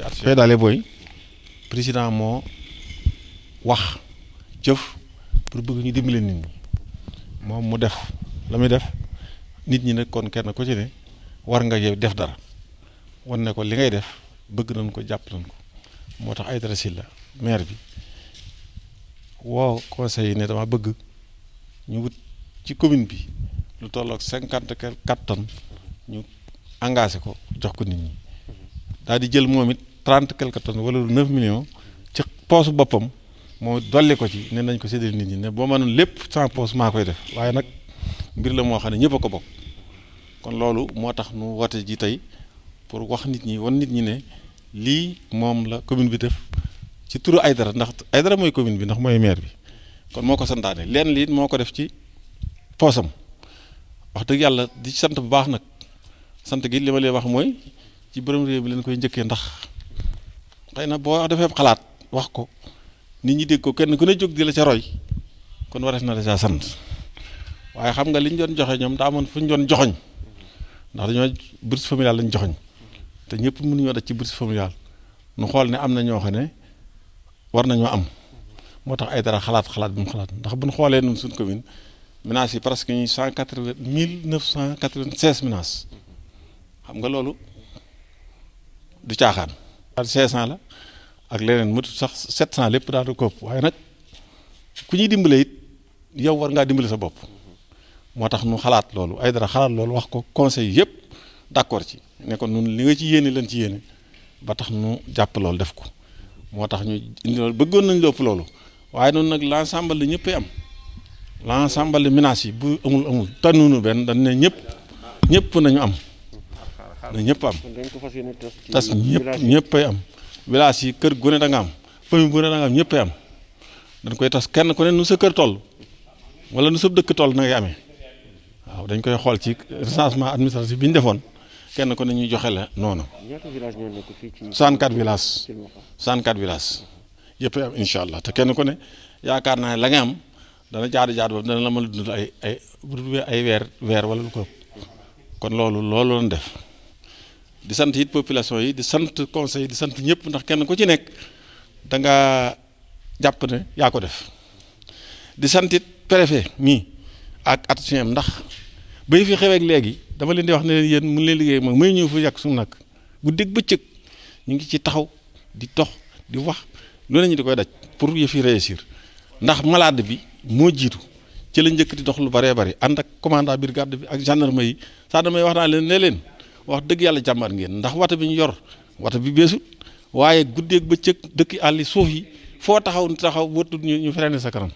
tamit at pédale booy président moo wax jëf pour bëgg ñu dimbale nit ñi moom mu def la muy def nit ñi nag kon kenn ko ci ne war nga yow def dara wan ne ko li ngay def bëgg nañ ko jàpp nañ ko moo tax ay Aïdara Sylla maire bi woo conseil yi ne dama bëgg ñu wut ci commune bi lu tollook cinquante quatre tonnes ñu engagé ko jox ko nit ñi daal jël moom it trente quelque tonnes wala lu neuf millions ci poosu boppam moo dolli ko ci ne nañ ko séddale nit ñi ne boo mënoon lépp sans poos maa koy def waaye nag mbir la moo xam ne ñëpp a ko bokk kon loolu moo tax nu woote ji tey pour wax nit ñi wan nit ñi ne lii moom la commune bi def ci turu Aydara ndax Aydara mooy commune bi ndax mooy maire bi kon moo ko santaane leen lii moo ko def ci poosam wax dëgg yàlla di sant bu baax nag sant gi li ma leen wax mooy ci borom réew bi leen koy njëkkee ndax xay na boo defee xalaat wax ko nit ñi dégg ko kenn ku ne jóg di la ca roy kon warees na la caa sant waaye xam nga li ñu doon joxe ñoom daa amoon fu ñu doon joxoñ ndax dañoo bourse familiale lañ joxoñ te ñëpp ñoo daj ci bourse familiale nu xool ne am na ñoo xam ne war nañoo am moo tax ay dara xalaat xalaat bi mu xalaat ndax bu nu xoolee ñun suñ commune ménages yi presque ñuy cent quatre vingt mille neuf cent quatre vingt seize ménages xam nga loolu du caaxaan. cinq cent la ak leneen mu sax sept cent lépp daal di ko waaye nag ku ñuy dimbale it yow war ngaa dimbale sa bopp moo tax nu xalaat loolu ay dara xalaat loolu wax ko conseil yëpp d'accord ci ne nun li nga ci yéene lan ci yéene ba tax nu jàpp loolu def ko moo tax ñu indi loolu bëggoon nañ lépp loolu waaye noonu nag l'ensemble la ñëppay am l'ensemble menaces yi bu amul amul tànnuñu benn dañ ne ñëpp ñëpp nañu am na ñëpp am tas ñëpp ñëppay am village yi kër gu da nga am famille bu ne da nga am ñëppay am dañ koy tas kenn ku ne nu sa kër toll wala nu sa dëkk toll na ngay waaw dañ koy xool ci recensement administratif bi ñu defoon kenn ku ne ñuy joxe la noonu 64 villages 64 villages yëppay am incha allah te kenn ku ne yaakaar naa ne la am dana jaadu jaadu boobu dana la mën dund ay weer weer wala lu ko kon loolu loolu lañ def di sant it population yi di sant conseil di sant ñëpp ndax kenn ko ci nekk danga nga jàpp ne yaa ko def di santit it mii ak at am ndax bay fi xeweek léegi dama leen di wax ne leen yéen mun leen liggéey mooy muy ñëw fu yàq suñu nag bu dégg bëccëg ñu ngi ci taxaw di dox di wax lu ne ñu di koy daj pour yëf fi réussir ndax malade bi moo jiitu ci la njëkk di dox lu baree bari ànd ak commandant brigade bi ak ma yi sax damay wax naa leen ne leen wax dëgg yàlla jàmbaar ngeen ndax wata bi ñu yor wata bi beesut waaye guddeeg bëccëg dëkki àlli suuf yi foo taxaw taxaw wëttu ñu ñu freiné sa kanam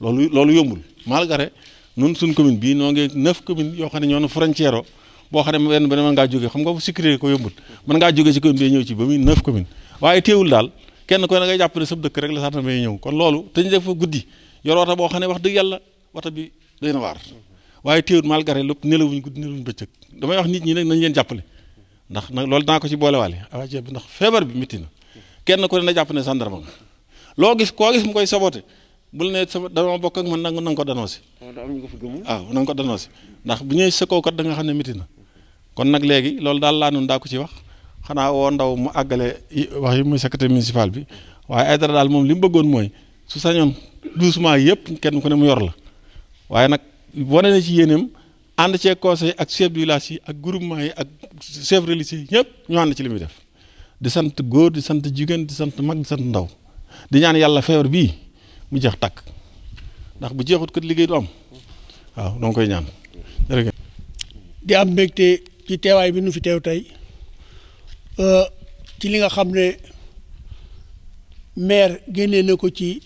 loolu loolu yombul malgré nun suñ commune bi noo ngi neuf communes yoo xam ne ñoo na frontière o boo xam ne benn benn mën ngaa jógee xam nga sécurité ko yombul mën ngaa jógee ci commune bi ñëw ci ba muy neuf communes waaye teewul daal kenn ko ne ngay jàpp ne sab dëkk rek la sax na may ñëw kon loolu te ñu def fa guddi boo xam ne wax dëgg yàlla wata bi doy na waar waaye téewut malgré lépp nelawuñ guddi nelawuñ bëccëg damay wax nit ñi nag nañ leen jàppale ndax nag loolu daa ko ci boolewaale awaaje bi ndax feebar bi métti kenn ku ne na jàpp ne sandarma nga loo gis koo gis mu koy sabote bul ne sama danoo bokk ak man nang na nga ko danoo si waaw na nga ko danoo si ndax bu ñëwee sa kaw kat da nga xam ne métti na kon nag léegi loolu daal laa noonu daa ko ci wax xanaa woo ndaw mu àggale wax yi muy secrétaire municipal bi waaye ay dara daal moom li mu bëggoon mooy su sañoon doucement yëpp kenn ku ne mu yor la waaye nag wane na ci yéenam ànd cee conseil ak chef de village yi ak groupement yi ak chef religieux yi ñëpp ñu ànd ci li muy def di sant góor di sant jigéen di sant mag di sant ndaw di ñaan yàlla feebar bii mu jeex takk ndax bu jeexut kat liggéey du am waaw doo koy ñaan jërëjëf di am mbégte ci teewaay bi nu fi teew tey euh, ci li nga xam ne maire génnee na ko ci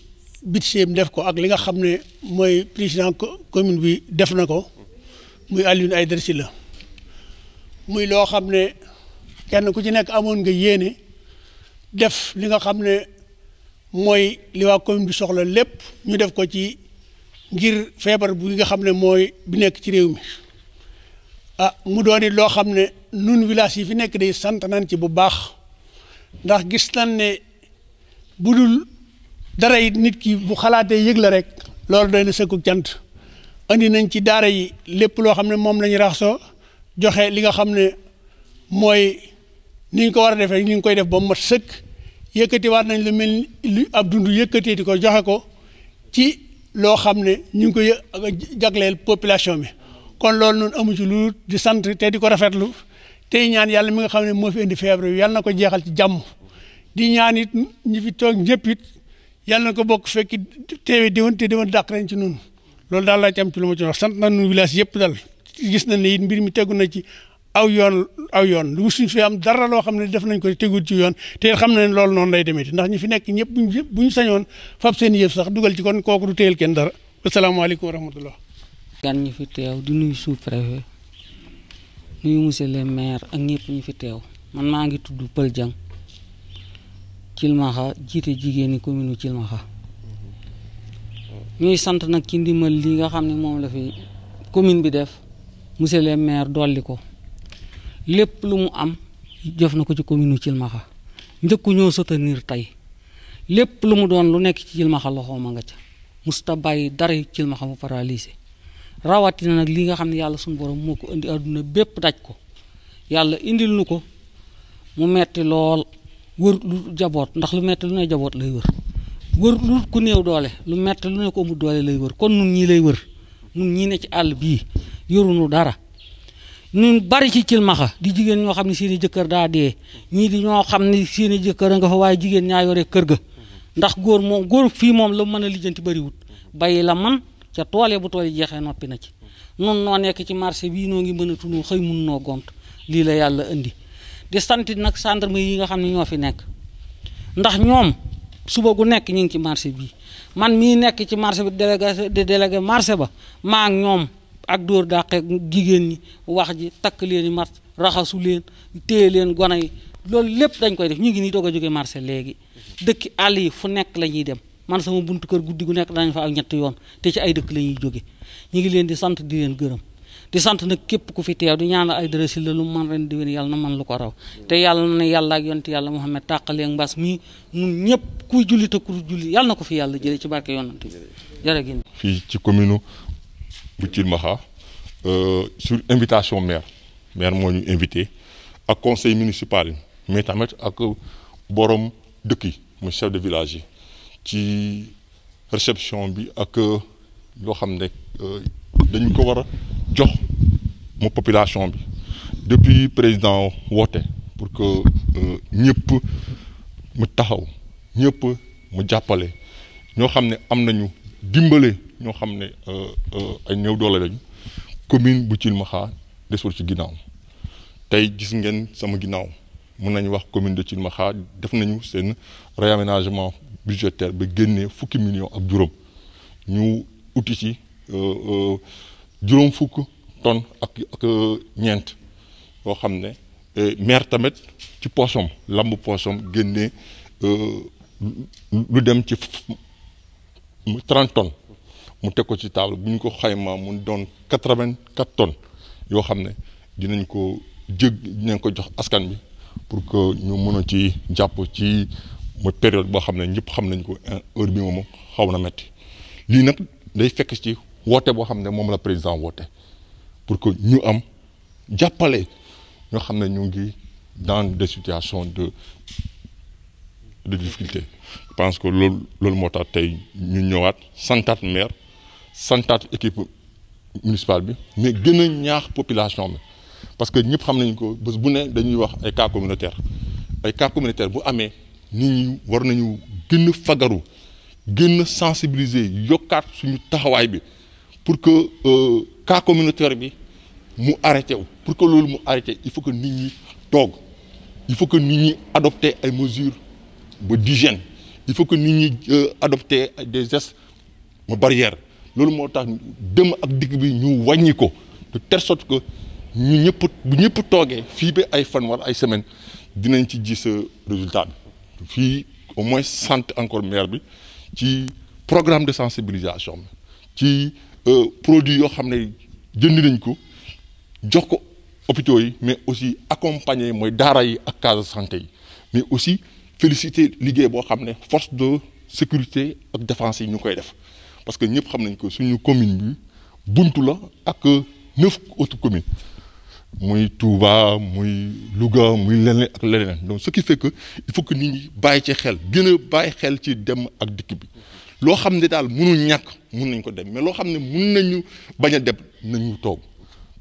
budget def ko ak li nga xam ne mooy président commune bi def na ko muy ay Aïdara la muy loo xam ne kenn ku ci nekk amoon nga yéene def li nga xam ne mooy liwaa commune bi soxla lépp ñu def ko ci ngir feebar bi nga xam ne mooy bi nekk ci réew mi ah mu doon loo xam ne nun village yi fi nekk day sant nañ ci bu baax ndax gis nañ ne budul dara yit nit ki bu xalaatee yëg rek loolu doy na sëkku jant andi nañ ci daara yi lépp loo xam ne moom la rax soo joxe li nga xam ne mooy niñ ko war a defee ni ñu koy def ba mat sëkk yëkkatiwaat nañ lu mel lu ab dund ti ko joxe ko ci loo xam ne ñu ngi koy jagleel population bi kon loolu noonu amu ci lu di sant te di ko rafetlu tey yàlla mi nga xam ne moo fi indi feebar yàlla na ko jeexal ci jàmm di ñaan it ñi fi toog ñëpp yàlla na ko bokk fekk teewe déwén te déwén dàq ci noonu loolu daal laa ci am ci lu ma ci wax sant nañ nu village yëpp daal gis nañ ne it mbir mi tegu na ci aw yoon aw yoon lu suñ fi am dara loo xam ne def nañ ko tegul ci yoon te xam na ne loolu noonu lay demee ndax ñi fi nekk ñëpp bu ñu sañoon fab seen yëf sax dugal ci kon kooku du téyel kenn dara asalaamaaleykum wa rahmatullah gan ñi fi teew di nuyu sous-préfet nuyu monsieur le maire ak ñëpp ñi fi teew man maa ngi tudd Pël Jang Cilmaxa jiite jigéeni commune u Cilmaxa ñuy sant nag ci ndimbal li nga xam ne moom la fi commune bi def monsieur le maire dolli ko lépp lu mu am jëf na ko ci commune Cilmaxa njëkku ñoo soutenir tey lépp lu mu doon lu nekk ci Cilmaxa loxoom a nga ca musta bàyyi dara Cilmaxa mu paralysé rawatina nag lii nga xam ne yàlla suñu borom moo ko indi àdduna bépp daj ko yàlla indil nu ko mu metti lool wër lu jaboot ndax lu metti lu ne jaboot lay wër wër lu ku néew doole lu metti lu ne ko amul doole lay wër kon nun ñii lay wër nun ñii ne ci àll bii yorunu dara ñun bari ci cilmaxa di jigéen ñoo xam ne seeni jëkkër daa dee ñii di ñoo xam ne seen jëkkër a nga fa waaye jigéen ñaa yore kër ga ndax góor moom góor fii moom la mën a lijjanti bariwut bàyyi la man ca toole bu tool yi jeexee noppi na ci nun noo nekk ci marché bii noo ngi mën a tunoo xëy mun noo gont lii la yàlla indi di sant nag gendarme yi nga xam ne ñoo fi nekk ndax ñoom suba gu nekk ñu ngi ci marché bi man mii nekk ci marché bi délégué di délégué marché ba maa ñoom ak dóor dàqeeg jigéen ñi wax ji takk leen i mat raxasu leen téye leen gone yi loolu lépp dañ koy def ñu ngi nii doog a jógee marché léegi dëkki àll yi fu nekk la ñuy dem man sama buntu kër guddi gu nekk danañ fa ak ñetti yoon te ci ay dëkk la ñuy jóge ñu ngi leen di sant di leen gërëm di nag képp ku fi teew di ñaan ay dërësi la lu man ren diwén yàlla na man lu ko raw te yàlla na yàlla ak yonti yàlla Muhammad tàqaleeg mbas mi ñun ñëpp kuy julli te ku julli yàlla na ko fi yàlla jëlee ci barke yonante bi jërë gi fii ci commune bu Thilmakha euh, sur invitation maire maire moo ñu invité ak conseil municipal yi mais tamit ak borom dëkk mu chef de village yi ci réception bi ak loo xam ne euh, dañu ko war jox mu population bi depuis président woote pour que euh, ñëpp mu taxaw ñëpp mu jàppale ñoo xam ne am nañu dimbale ñoo xam ne euh, euh, ay néew doole lañu commune bu Thilmakha desul ci ginnaaw tey gis ngeen sama ginnaaw mun nañu wax commune de Thilmakha def nañu seen réaménagement budgétaire ba génnee fukki million ak juróom ñu uti ci. juróom fukk ton ak ak euh, ñeent yoo xam ne euh, maire tamit ci poosam lamb poosam génnee euh, lu dem ci trent tonnes mu teg ko ci table bu ñu ko xayma mu doon quatre-vingt-quatre tonnes yoo xam ne dinañ ko jég dinañ ko jox askan bi pour que ñu mën a ci jàpp ci mooy période boo xam ne ñëpp xam nañ ko heure bi moom xaw na metti lii nag day fekk ci woote boo xam ne moom la président woote pour que ñu am jàppale ñoo xam ne ñu ngi dans des situations de de difficulté je que loolu loolu moo tax tey ñu ñëwaat santaat maire santaat équipe municipale bi mais gën a ñaax population bi parce que ñëpp xam nañ ko bés bu ne dañuy wax ay cas communautaire ay cas communautaire bu amee nit ñi war nañu gën a fagaru gën a sensibiliser yokkaat suñu taxawaay bi pour que euh, cas communautaire bi mu arrêté wu pour que loolu mu arrêté il faut que nit ñi toog il faut que nit ñi adopté ay mesures ba d'hygiène il faut que nit ñi euh, adopté des gestes ma barrière loolu moo tax dem ak digg bi ñu wàññi ko de telle sorte que ñu ñëpp bu ñëpp toogee fii ba ay fan wala ay semaine dinañ ci gis euh, résultat bi fii au moins sant encore maire bi ci programme de sensibilisation bi Euh, produits yoo xam ne jënd nañ ko jox ko hôpitaux yi mais aussi accompagner mooy daara yi ak case santé yi mais aussi féliciter liggéey boo xam ne force de sécurité ak défense yi ñu koy def parce que ñëpp xam nañ ko suñu commune bi buntu la ak neuf autres communes muy Touba muy Louga muy leneen ak leneen donc ce qui fait que il faut que nit bàyyi ci xel gën a bàyyi xel ci dem ak dikk bi loo xam ne daal mënul ñàkk mun nañ ko dem mais loo xam ne mun nañu bañ a dem nañu toog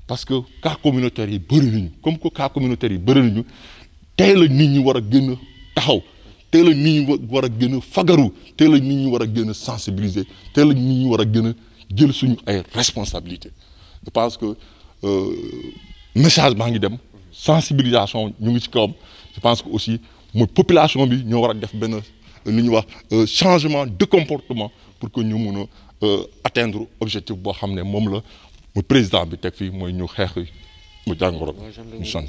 parce que cas communautaire yi bëri nañu comme que cas communautaire yi bëri nañu tey la nit ñu war a gën taxaw tey la nit ñu war a gën a fagaru tey la nit ñu war a gën a sensibiliser tey la nit ñu war a gën jël suñu ay responsabilité je pense que euh, message baa ngi dem sensibilisation ñu ngi ci kawam je pense que aussi mooy population bi ñoo war a def benn ni ñu wax euh, changement de comportement pour que ñu mun a euh, attendre objectif boo xam ne moom la mu président bi teg fii mooy ñu xeex mu jàngoro ñu sant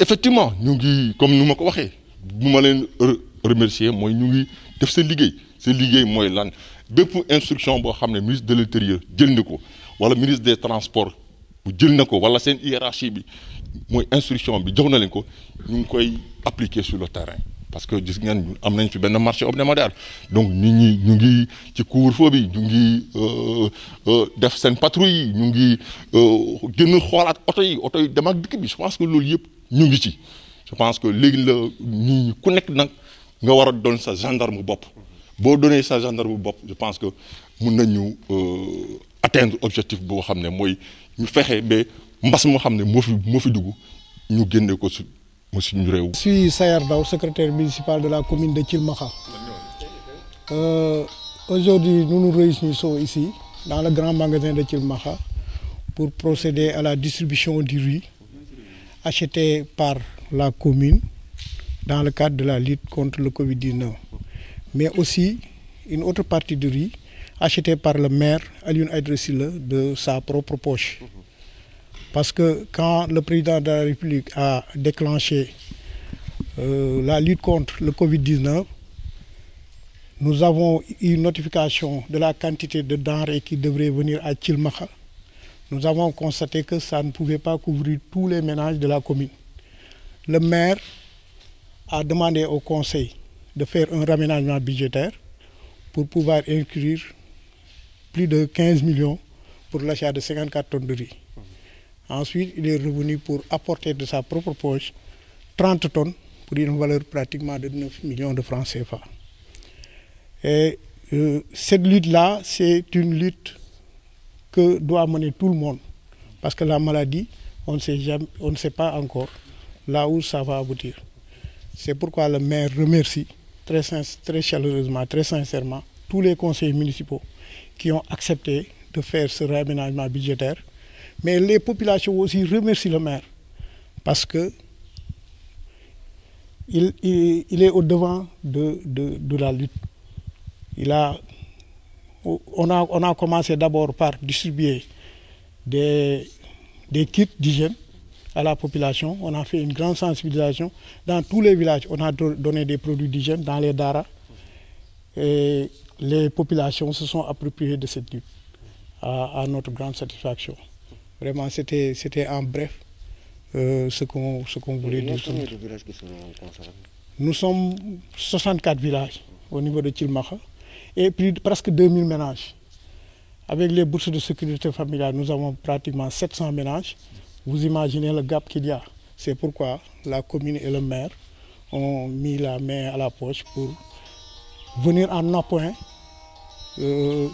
effectivement ñu ngi comme nu ma ko waxee bu ma leen remercier mooy ñu ngi def seen liggéey seen liggéey mooy lan bépp instruction boo xam ne ministre de l'intérieur jël na ko wala ministre des transport mu jël na ko wala seen hiérarchie bi mooy instruction bi jox na leen ko ñu ngi koy appliquer sur le terrain parce que gis ngeen am nañ fi benn marché hebdomadaire donc nit ñi ñu ngi ci couvre-feu bi ñu ngi euh, euh, def seen patrouille yi ñu ngi euh, gën xoolaat oto yi oto yi dem ak dikk bi je pense que loolu yëpp ñu ngi ci je pense que léegi la ñu ñi ku nekk nag nga war a doon sa gendarme bopp boo doonee sa gendarme bopp je pense que mun nañu atteindre objectif boo xam ne mooy ñu fexe ba mbas moo xam ne moo fi moo fi dugg ñu génne ko su mu suñu réew. je suis Sayar Daw secrétaire de la commune de Thilmakha. Euh, aujourd'hui nous nous réunissons ici dans le grand magasin de Thilmakha pour procéder à la distribution du riz acheté par la commune dans le cadre de la lutte contre le Covid-19 mais aussi une autre partie du riz achetée par le maire Alioune Aïdara Sylla de sa propre poche. Parce que quand le président de la République a déclenché euh, la lutte contre le Covid-19, nous avons eu notification de la quantité de denrées qui devraient venir à Thilmakha. Nous avons constaté que ça ne pouvait pas couvrir tous les ménages de la commune. Le maire a demandé au conseil de faire un raménagement budgétaire pour pouvoir inclure plus de 15 millions pour l'achat de 54 tonnes de riz. Ensuite, il est revenu pour apporter de sa propre poche 30 tonnes pour une valeur pratiquement de 9 millions de francs CFA. Et euh, cette lutte-là, c'est une lutte que doit mener tout le monde. Parce que la maladie, on ne sait, jamais, on ne sait pas encore là où ça va aboutir. C'est pourquoi le maire remercie très, très chaleureusement, très sincèrement tous les conseils municipaux qui ont accepté de faire ce réaménagement budgétaire Mais les populations aussi remercient le maire parce que il, il, il est au devant de, de, de, la lutte. Il a, on, a, on a commencé d'abord par distribuer des, des kits d'hygiène à la population. On a fait une grande sensibilisation. Dans tous les villages, on a donné des produits d'hygiène dans les daras. Et les populations se sont appropriées de cette lutte à, à notre grande satisfaction. Vraiment, c'était, c'était en bref euh, ce, qu'on, ce qu'on voulait dire. Nous sommes 64 villages au niveau de Tilmacha et plus de presque 2000 ménages. Avec les bourses de sécurité familiale, nous avons pratiquement 700 ménages. Vous imaginez le gap qu'il y a. C'est pourquoi la commune et le maire ont mis la main à la poche pour venir en appoint euh,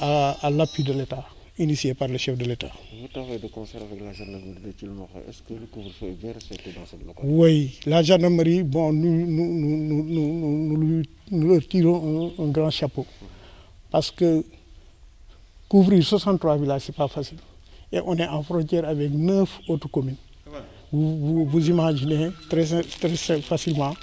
à, à l'appui de l'État. initié par le chef de l'État. Vous travaillez de concert avec la gendarmerie de Thielmokha. Est-ce que le couvre-feu est bien respecté dans cette localité? Oui, la gendarmerie, bon, nous, nous, nous, nous, nous, nous leur tirons un, un grand chapeau. Parce que couvrir 63 villages, c'est pas facile. Et on est en frontière avec neuf autres communes. Vous, vous, vous imaginez très, très facilement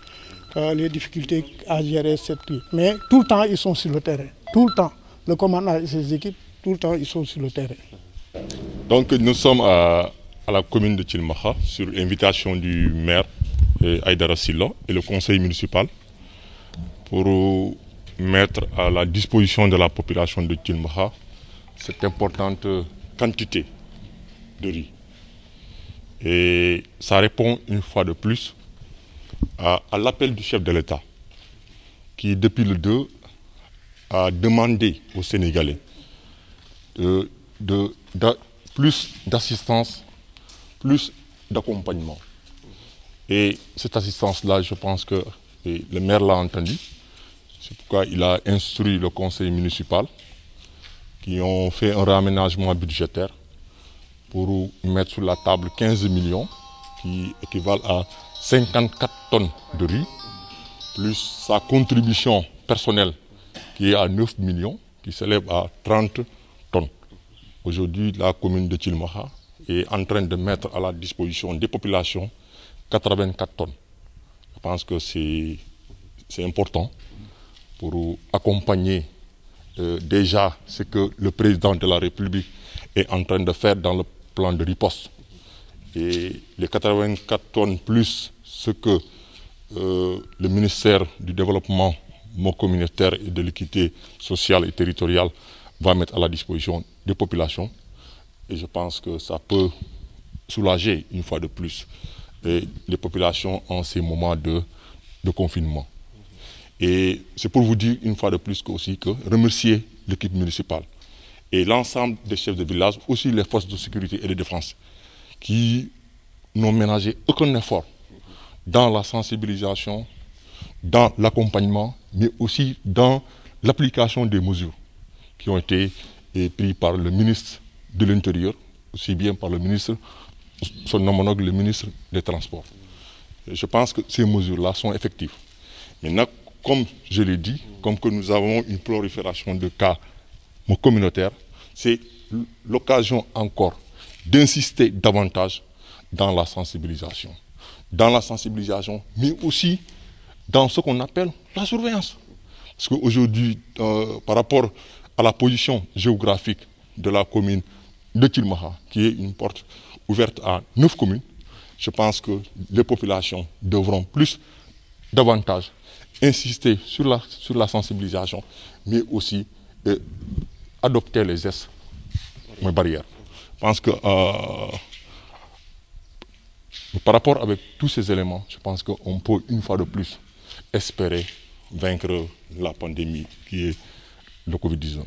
euh, les difficultés à gérer cette crise. Mais tout le temps, ils sont sur le terrain. Tout le temps, le commandant et ses équipes tout le temps, il sont sur le terrain. Donc nous sommes à, à la commune de Tilmaha, sur invitation du maire euh, Aïdara Silla et le conseil municipal, pour mettre à la disposition de la population de Tilmaha cette importante quantité de riz. Et ça répond une fois de plus à, à l'appel du chef de l'État, qui depuis le 2 a demandé aux Sénégalais de, de, de plus d'assistance, plus d'accompagnement. Et cette assistance je pense que le maire l'a entendu. C'est pourquoi il a instruit le municipal qui ont fait un réaménagement budgétaire pour mettre sur la table 15 millions qui à 54 tonnes de riz, plus contribution personnelle qui est à 9 millions, Aujourd'hui, la commune de Tilmaha est en train de mettre à la disposition des populations 84 tonnes. Je pense que c'est important pour accompagner euh, déjà ce que le président de la République est en train de faire dans le plan de riposte. Et les vingt quatre tonnes plus ce que euh, le ministère du Développement communautaire et de l'équité sociale et territoriale va mettre à la disposition des populations. Et je pense que ça peut soulager une fois de plus et eh, les populations en ces moments de, de confinement. Et c'est pour vous dire une fois de plus que, aussi que remercier l'équipe municipale et l'ensemble des chefs de village, aussi les forces de sécurité et de défense, qui n'ont ménagé aucun effort dans la sensibilisation, dans l'accompagnement, mais aussi dans l'application des mesures. qui ont été euh, pris par le ministre de l'Intérieur, aussi bien par le ministre, son homologue, le ministre des Transports. je pense que ces mesures-là sont effectives. Maintenant, comme je l'ai dit, comme que nous avons une prolifération de cas communautaires, c'est l'occasion encore d'insister davantage dans la sensibilisation. Dans la sensibilisation, mais aussi dans ce qu'on appelle la surveillance. Euh, par rapport à la position géographique de la commune de Tilmaha, qui est une porte ouverte à neuf communes, je pense que les populations devront plus, davantage, insister sur la, sur la sensibilisation, mais aussi euh, adopter les gestes les que euh, par rapport avec tous ces éléments, je pense qu'on peut une fois de plus espérer vaincre la pandémie qui est le Covid-19.